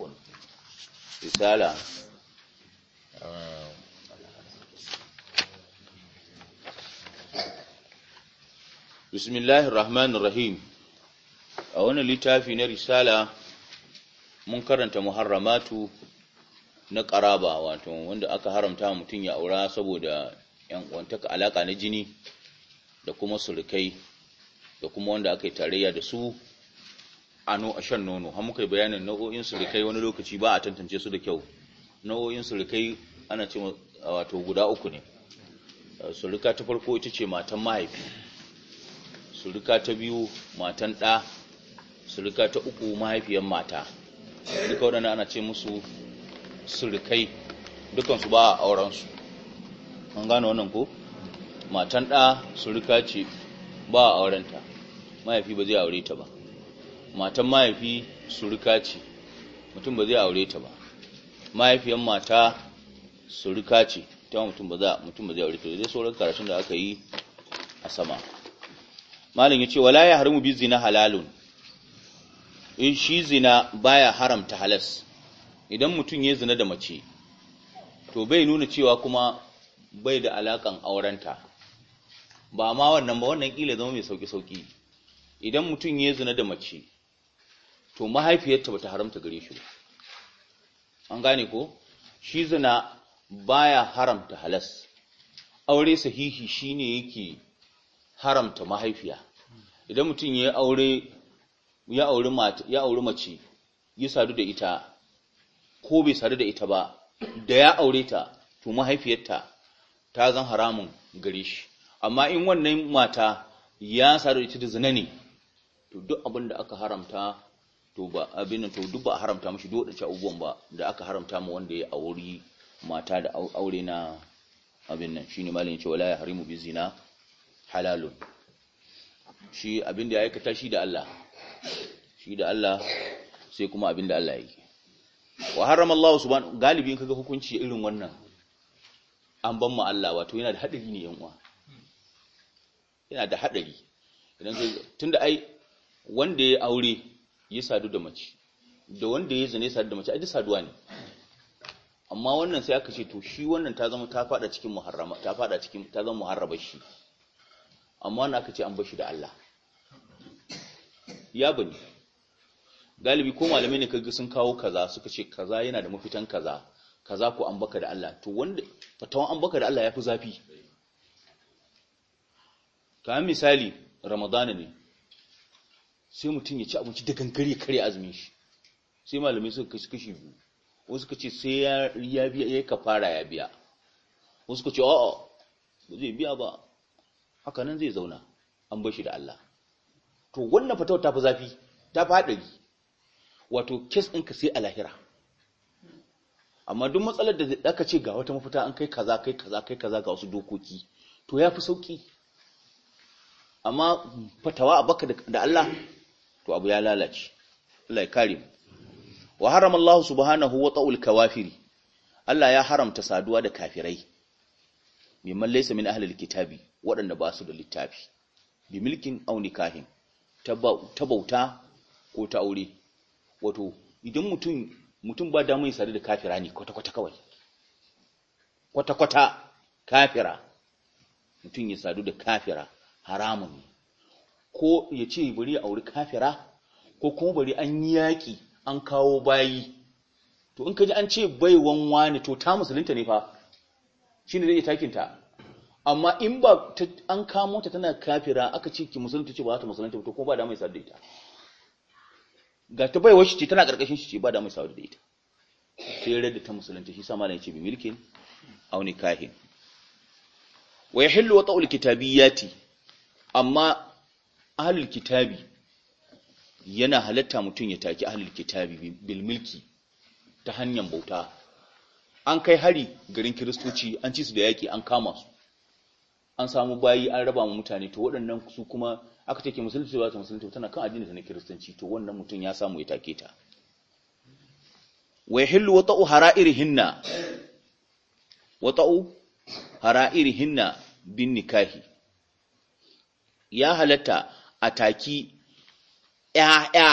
afwan risala rahim a wani littafi na risala mun karanta muharramatu na qaraba wato wanda aka haramta mutum ya aura saboda yan uwantaka alaka na jini da kuma surukai da kuma wanda aka yi tarayya da su Ano a shan nono har muka yi bayanin nau'o'in surikai wani lokaci ba a tantance su da kyau nau'o'in surikai ana ce wato guda uku ne surika ta farko ita ce matan mahaifi surika ta biyu matan ɗa surika ta uku mahaifiyar mata duka waɗanda ana ce musu surikai dukansu ba a aurensu an gano wannan ko matan ɗa surika ce ba a aurenta mahaifi ba zai aure ta ba matan mahaifi surika ce mutum ba zai aure ta ba mahaifiyar mata surika ce ta mutum ba za mutum ba zai aure ta zai sauran karashin da aka yi a sama malam ce, wala ya harimu bi zina halalun in shi zina baya haramta halas idan mutum ya zina da mace to bai nuna cewa kuma bai da alakan aurenta ba ma wannan ba wannan kila zama mai sauki sauki idan mutum ya zina da mace to mahaifiyarta bata haramta gare shi ba an gane ko shi zina baya haramta halas aure sahihi shine yake haramta mahaifiya idan mutum ya aure ya aure mata ya aure mace ya sadu da ita ko bai sadu da ita ba da ya aure ta to mahaifiyarta ta zan haramun gare shi amma in wannan mata ya sadu da ita da zina ne to duk abin da aka haramta to ba abin to duk ba haramta mashi duk wadancan abubuwan ba da aka haramta mu wanda ya auri mata da aure na abin nan shine malin cewa la yahrimu bi zina halalun shi abin da ya aikata shi da Allah shi da Allah sai kuma abin da Allah yake wa harrama Allah subhanahu galibin kaga hukunci irin wannan an ban mu Allah wato yana da hadari ne yan uwa yana da hadari idan tunda ai wanda ya aure Yi sadu da mace da wanda ya zina ya sadu da mace aji saduwa ne amma wannan sai aka ce to shi wannan ta zama ta fada cikin muharrama ta fada cikin ta zama muharraba shi amma wannan aka ce an bar shi da Allah ya bani galibi ko malamai ne kaga sun kawo kaza suka ce kaza yana da mafitan kaza kaza ko an baka da Allah to wanda fatawan an baka da Allah yafi zafi kamar misali ramadana ne sai mutum ya ci abinci da gangare kare azumin shi sai malamai suka kashi kashi biyu wasu ka ce sai ya biya ya kafara ya biya wasu ka ce a'a ba zai biya ba haka nan zai zauna an bar shi da Allah to wannan fatawa ta fi zafi ta fi haɗari wato kes ka sai a lahira amma duk matsalar da aka ce ga wata mafita an kai kaza kai kaza kai kaza ga wasu dokoki to ya fi sauƙi amma fatawa a baka da Allah to abu ya lalace Allah ya kare mu wa harama Allah subhanahu wa ta'ul kawafiri Allah ya haramta saduwa da kafirai mimman laysa min ahli alkitabi waɗanda ba su da littafi bi milkin aw nikahin tabauta ko ta aure wato idan mutum mutum ba da ya sadu da kafira ne kwata kwata kawai kwata kwata kafira mutum ya sadu da kafira haramun ne ko ya ce bari ya auri kafira ko kuma bari an yi yaƙi an kawo bayi to in ka ji an ce baiwan wani to ta musulunta ne fa shi ne zai takinta amma in ba an kamo ta tana kafira aka ce ki musulunta ce ba ta musulunta to kuma ba da mai sadu da ita ga ta baiwa shi ce tana karkashin shi ce ba da mai sadu da ita sai radda ta musulunta shi sama da ya ce bi milkin auni kahin wa yahillu ta'ul kitabiyati amma ahlul kitabi yana halatta mutum ya taki ahlul kitabi bil milki ta hanyar bauta an kai hari garin kiristoci an ci su da yaki an kama su an samu bayi an raba mu mutane to waɗannan su kuma aka take musulunci ba ta musulunci tana kan addini ta na kiristanci to wannan mutum ya samu ya take ta wa yahillu ta'u hara'irihinna ta'u hara'irihinna bin nikahi ya halatta ataki ‘ya'ya,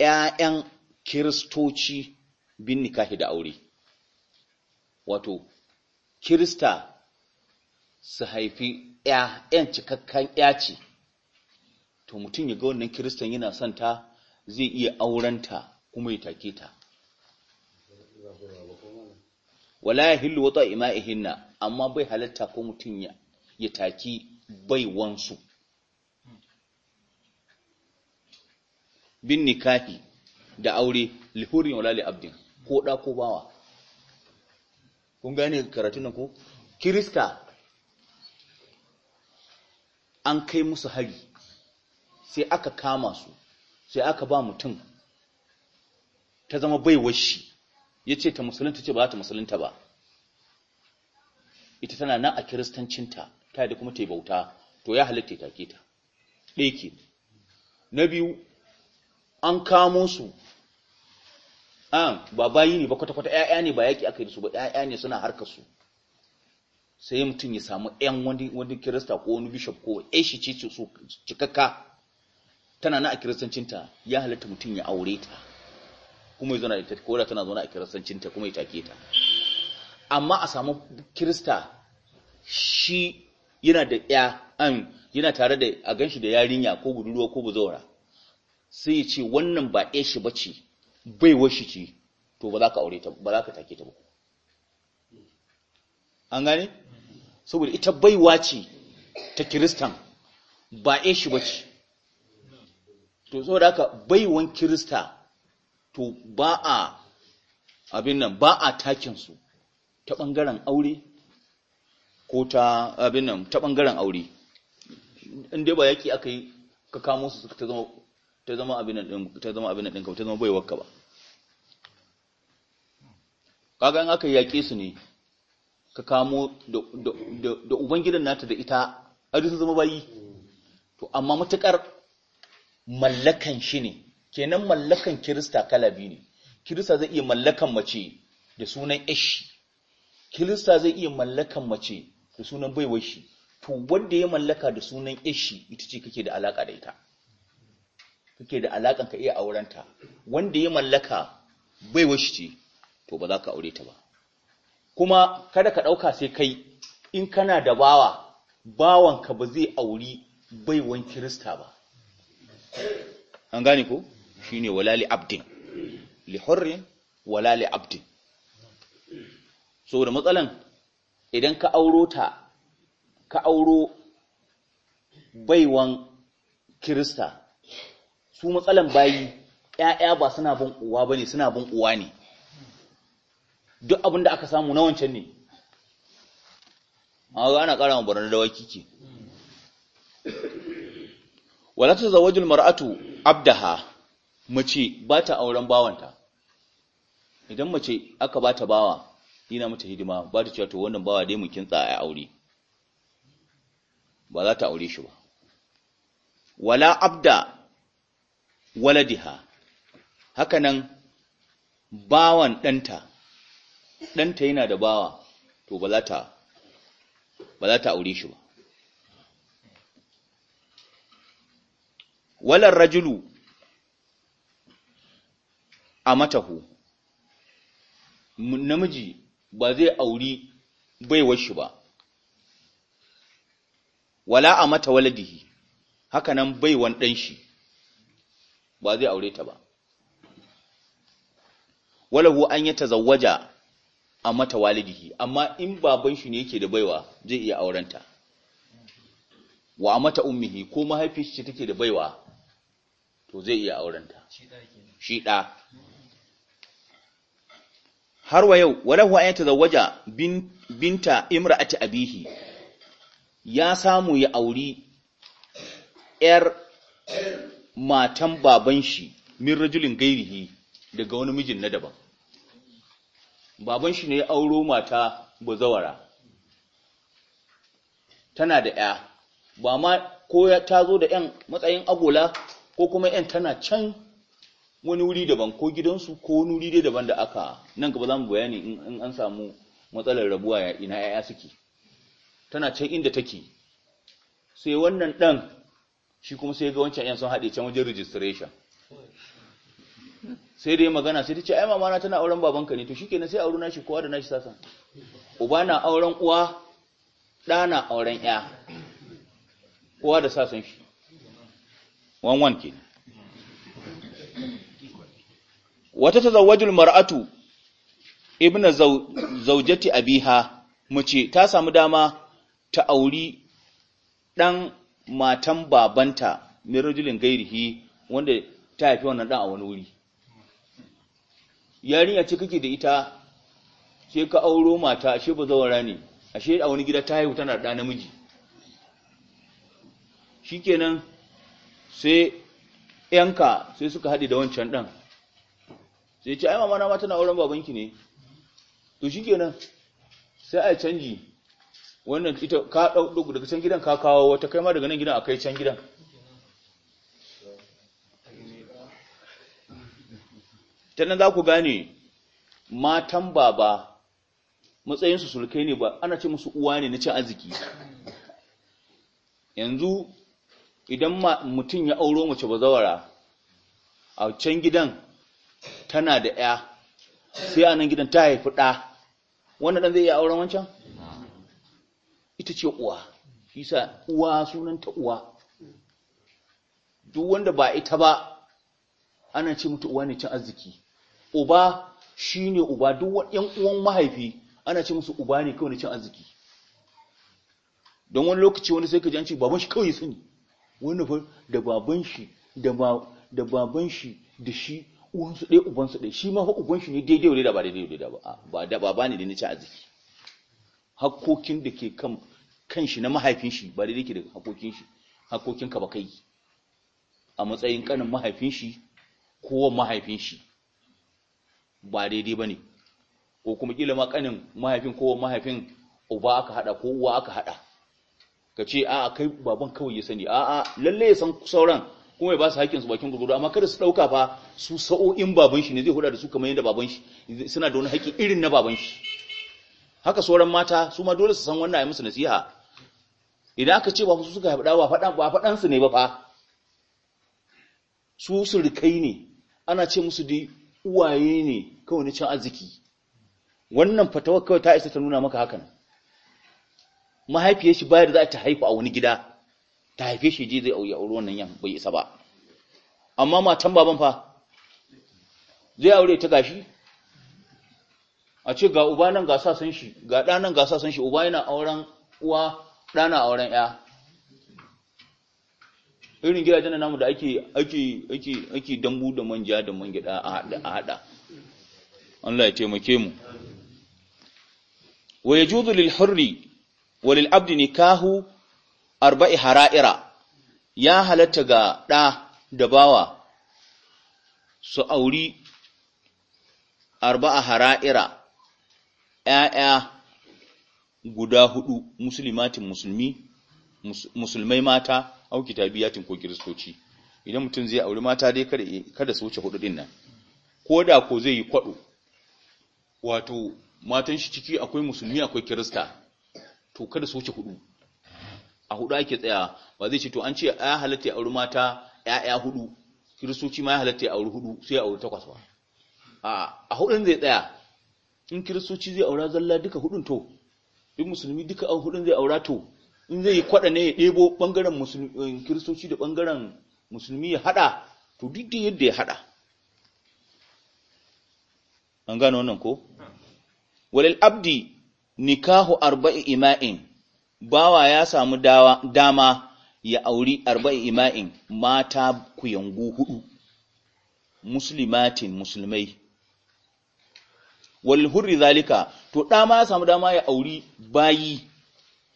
‘ya'yan Kiristoci bin nikahi da aure, wato, Kirista su haifi ‘ya'yan cikakkan ‘ya ce, to mutum ya ga wannan Kiristan yana son ta zai iya aurenta kuma ya take ta. Wala ya hillu wata ima'ihinna, amma bai halatta ko mutum ya taki baiwansu. bin nikahi da aure lihurin wala abdin ko da ko bawa kun gane karatun nan ko kirista an kai musu hari sai aka kama su sai aka ba mutum ta zama baiwar shi yace ta musulunta ce ba ta musulunta ba ita tana nan a kiristancinta ta da kuma ta yi bauta to ya halitta ta ke ta ɗaya ke na biyu an kamo su an ah, ba bayi ne ba kwata-kwata ‘ya'ya ne ba yaƙi aka yi su ba ‘ya'ya ne suna harka su sai mutum ya samu ‘yan wani kirista ko wani bishop ko ‘yan shi ce su cikakka tana na a kiristancinta ya halatta mutum ya aure ta kuma ya zauna da ita ko da tana zauna a kiristancinta kuma ya take ta amma a samu kirista shi yana da ‘ya an yana tare da a shi da yarinya ko budurwa ko buzaura sai ya ce wannan ba ɗaya shi ce, bai washi ce to ba za ka aure ta ba za ka take ta ba an gane saboda ita baiwa ce ta kiristan ba ɗaya shi ce, to saboda haka baiwan kirista to ba a abin nan ba a takinsu ta ɓangaren aure ko ta abin nan ta ɓangaren aure in dai ba yaki aka yi ka kamo su suka ta zama ta zama abin nan ta ɗinka ta zama bai ba kaga in aka yaƙe su ne ka kamo da ubangidan nata da ita a duk zama bayi to amma matukar mallakan shi ne kenan mallakan kirista kalabi ne kirista zai iya mallakan mace da sunan ishi kirista zai iya mallakan mace da sunan baiwar shi to wanda ya mallaka da sunan ishi ita ce kake da alaka da ita kake da alakan ka iya aurenta wanda ya mallaka bai washi ce to ba za ka aure ta ba kuma kada ka ɗauka sai kai in kana da bawa bawanka ba zai auri baiwan kirista ba an gane ko shine walali abdin li hurrin walali abdin saboda matsalan idan ka auro ta ka auro baiwan kirista su matsalan bayi ƴaƴa ba suna bin uwa bane suna bin uwa ne duk abin da aka samu na wancan ne amma ana ƙara mu barna da waki ke wala zawajul mar'atu abdaha mace ba ta auren bawanta idan mace aka ba ta bawa yana mata hidima ba ta cewa to wannan bawa dai mu kintsa a aure ba za ta aure shi ba wala abda waladiha hakanan bawan ɗanta ɗanta yana da bawa to ba za ta aure shi ba walar rajulu a matahu namiji ba zai auri baiwar shi ba wala a mata waladihi hakanan baiwan ɗan shi ba zai aure ta ba walahu an ya tazawwaja a mata walidihi amma in baban shi ne yake da baiwa zai iya aurenta wa mata ummihi ko mahaifiyarsa shi take da baiwa to zai iya aurenta shi da har wa yau walahu an ya tazawwaja binta imra'ati abihi ya samu ya auri ‘yar matan baban shi min rajulin gairihi daga wani mijin na daban baban shi ne ya auro mata bazawara tana da ya ba ma ko ta zo da yan matsayin agola ko kuma yan tana can wani wuri daban ko gidansu ko wani wuri dai daban da aka nan gaba za mu bayani in an samu matsalar rabuwa ina 'ya'ya suke tana can inda take sai wannan dan. shi kuma sai ga wancan yan sun haɗe can wajen registration sai dai magana sai ta ce ai mama na tana auren babanka ne to shikenan sai na nashi kowa da nashi sasan uba na auren uwa ɗa na auren ya kowa da sasan shi wan wan kenan wata tazawwajul mar'atu ibn zaujati abiha mace ta samu dama ta auri dan matan babanta mai rajulin gairihi wanda ta haifi wannan dan a wani wuri yarinya ce kake da ita ce ka auro mata ashe ba zawara ne ashe a wani gida ta haihu tana da namiji shikenan sai yanka sai suka haɗe da wancan ɗan sai ce ai mama na ma tana auren babanki ne to shikenan sai a canji wannan ita ka dau daga can gidan ka kawo wata kai ma daga nan gidan akai can gidan ta za ku gane matan baba matsayinsu sulkai ne ba ana ce musu uwa ne na cin arziki yanzu idan mutum ya auro mace bazawara a can gidan tana da ya sai a nan gidan ta haifi ɗa wannan ɗan zai iya auren wancan ita ce uwa shi sa uwa sunanta uwa duk wanda ba ita ba ana ce mutu uwa ne cin arziki uba shine uba duk yan uwan mahaifi ana ce musu uba ne kawai ne cin arziki don wani lokaci wani sai ka janci baban shi kawai sani wani da baban shi da baban shi da shi uwansu ɗaya ubansu ɗaya shi ma fa uban shi ne daidai wadai da ba daidai wadai da ba ba da baba ne da ni cin arziki hakkokin da ke kan kanshi na mahaifin shi ba daidai ke da hakokin shi hakokin ka ba kai a matsayin kanin mahaifin shi ko mahaifin shi ba daidai ne. ko kuma kila ma kanin mahaifin ko mahaifin uba aka hada ko uwa aka hada ka ce a'a kai baban kawai ya sani a'a lalle ya san sauran kuma ya ba su haƙƙinsu bakin gurgudu amma kada su ɗauka fa su sa'o'in baban shi ne zai huda da su kamar yadda baban shi suna da wani haƙƙi irin na baban shi haka sauran mata su ma dole su san wannan ya musu nasiha idan aka ce ba su suka haɗa ba faɗan ba faɗan su ne ba fa su surukai ne ana ce musu dai uwaye ne kawai na cin arziki wannan fatawar kawai ta isa ta nuna maka hakan mahaifiyar shi bayar za ta haifa a wani gida ta haife shi je zai auya aure wannan yan bai isa ba amma matan baban fa zai aure ta gashi a ce ga uba nan ga sa san shi ga ɗa nan ga sa san shi uba yana auren uwa ɗana auren ya irin gidajen namu da ake ake ake ake dambu da manja da man a haɗa. a hada Allah ya taimake mu wa yajuzu lil hurri wa lil abdi nikahu arba'i hara'ira ya halatta ga ɗa da bawa su auri arba'a hara'ira ƴaƴa guda hudu musulmatin musulmi musulmai mata au kitabiyatin ko kiristoci idan mutum zai auri mata dai kada kada su wuce hudu din nan ko da ko zai yi kwado wato matan shi ciki akwai musulmi akwai kirista to kada su wuce hudu a hudu ake tsaya ba zai ce to an ce ya halatta ya auri mata ya'ya hudu kiristoci ma ya halatta ya auri hudu sai ya auri takwas ba a hudun zai tsaya in kiristoci zai aura zalla duka hudun to Duk musulmi duka an hudun zai aura to in zai yi kwada ne ya ɗebo ɓangaren eh, kiristoci da ɓangaren musulmi ya haɗa to duk da yadda ya haɗa an gano wannan ko walil abdi nikahu arba'i ima'in bawa ya samu dama ya auri arba'i ima'in mata ku kuyangu hudu muslimatin musulmai wal hurri zalika to da ma samu dama ya auri bayi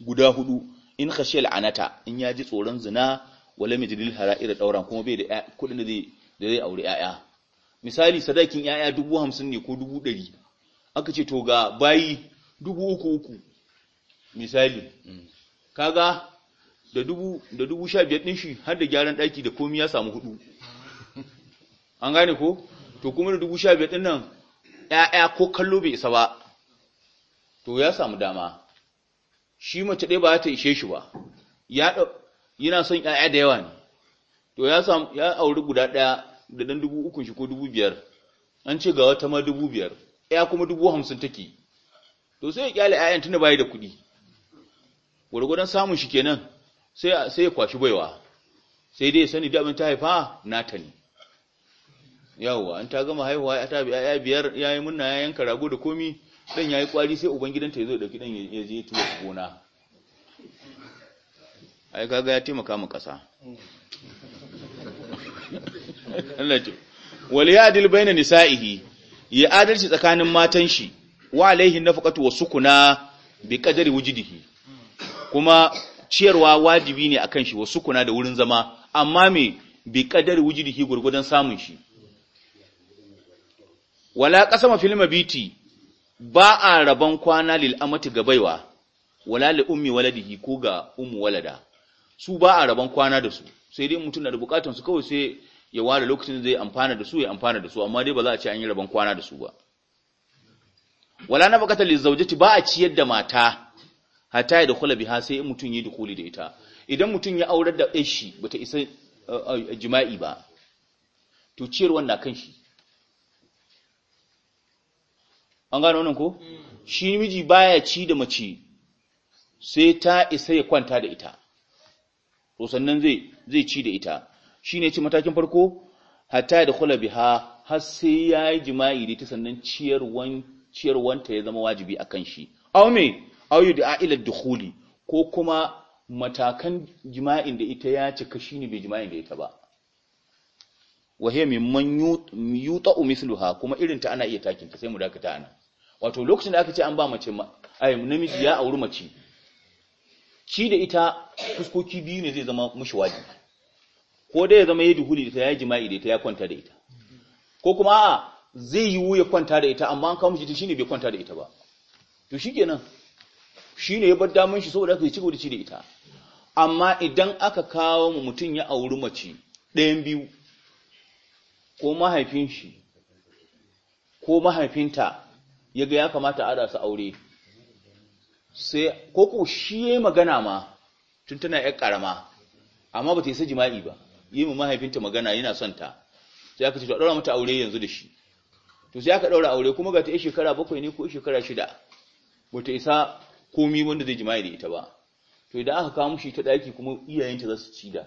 guda hudu in khashiyal anata in ya ji tsoron zina wala mijlil hara'ir dauran kuma bai da kudin da zai da zai aure yaya misali sadakin yaya 50 ne ko 100 aka ce to ga bayi 3000 misali kaga da dubu 15 din shi har da gyaran daki da komi ya samu hudu an gane ko to kuma da dubu 15 din nan ‘ya'ya ko kallo bai isa ba, to ya samu dama, shi mace ɗaya ba ta ishe shi ba, yana son ‘ya'ya da yawa ne, to ya samu ya auri guda ɗaya da ɗan dubu ukun shi ko dubu biyar, an ce ga wata ma dubu biyar, ‘ya kuma dubu hamsin take, to sai ya ƙyale ‘ya'yan tunda bayi da kuɗi, gwargwadon samun shi kenan sai ya kwashi baiwa, sai dai ya sani da abin ta haifa na ta ne. yawwa an ta gama haihuwa ya ta ya biyar yayi munna ya yanka rago da komi dan yayi kwari sai uban ta ya zo dauki dan ya je tuwo gona ai kaga ya taimaka mu kasa Allah ji wal ya'dil baina nisa'ihi ya adalci tsakanin matan shi wa alaihi nafaqatu wa sukuna bi qadari wujidihi kuma ciyarwa wajibi ne akan shi wa sukuna da wurin zama amma me bi qadari wujidihi gurgudan samun shi wala qasama fil mabiti ba a raban kwana lil amati ga baiwa wala li ummi waladihi ko ga ummu walada su ba a raban kwana da su sai dai mutum na da bukatun su kawai sai ya ware lokacin zai amfana da su ya amfana da su amma dai ba za a ci an yi raban kwana da su ba wala na nafaqata zawjati ba a ciyar da mata hatta ya dukhula biha sai mutum yi dukuli da ita idan mutum ya aurar da ɗan shi bata isa eh, eh, jima'i ba to ciyar wannan kan shi an gano wannan ko shi miji baya ci da mace sai ta isa ya kwanta da ita to sannan zai zai ci da ita shine ci matakin farko hatta da khula biha har sai yayi jima'i da ita sannan ciyarwan ciyarwanta ya zama wajibi akan shi aw me aw ilar ila dukhuli ko kuma matakan jima'in da ita ya cika shine bai jima'in da ita ba hiya mimman yuta misluha kuma irin ta ana iya takinta sai mu dakata ana wato lokacin da aka ce an ba mace ai namiji ya auri mace shi da ita fuskoki biyu ne zai zama mushi wajibi ko dai ya zama ya duhuli da ta ya jima'i da ita ya kwanta da ita ko kuma a zai yiwu ya kwanta da ita amma an kawo mishi shi ne bai kwanta da ita ba to shi shi ne ya bar damun shi saboda aka ci gaba da ci da ita amma idan aka kawo mu mutum ya auri mace ɗayan biyu ko mahaifin shi ko mahaifinta ya ga ya kamata a su aure sai koko shi ya yi magana ma tun tana ‘yar ƙarama amma ba ta yi jima'i ba yi mu mahaifinta magana yana son ta sai aka ce ta ɗaura mata aure yanzu da shi to sai aka ɗaura aure kuma ga ta yi shekara bakwai ne ko shekara shida ba ta isa komi wanda zai jima'i da ita ba to idan aka kawo mushi ta ɗaki kuma iyayenta za su ci da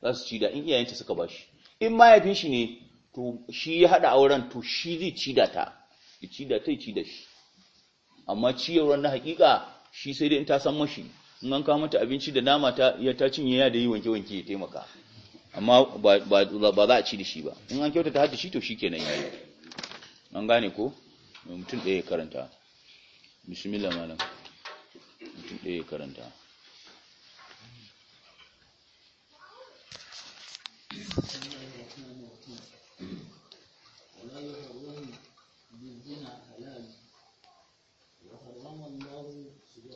za su ci da in iyayenta suka bashi. in mahaifin shi ne to shi ya haɗa auren to shi zai ci da ta ya ci da ta ci da shi amma ciyarwar na hakika shi sai dai in ta san mashi in an kawo mata abinci da nama ta ya ta cinye ya da yi wanke wanke ya taimaka amma ba za a ci da shi ba in an kyautata hada shi to shikenan yayi an gane ko mutum ɗaya ya karanta bismillah malam mutum ɗaya ya karanta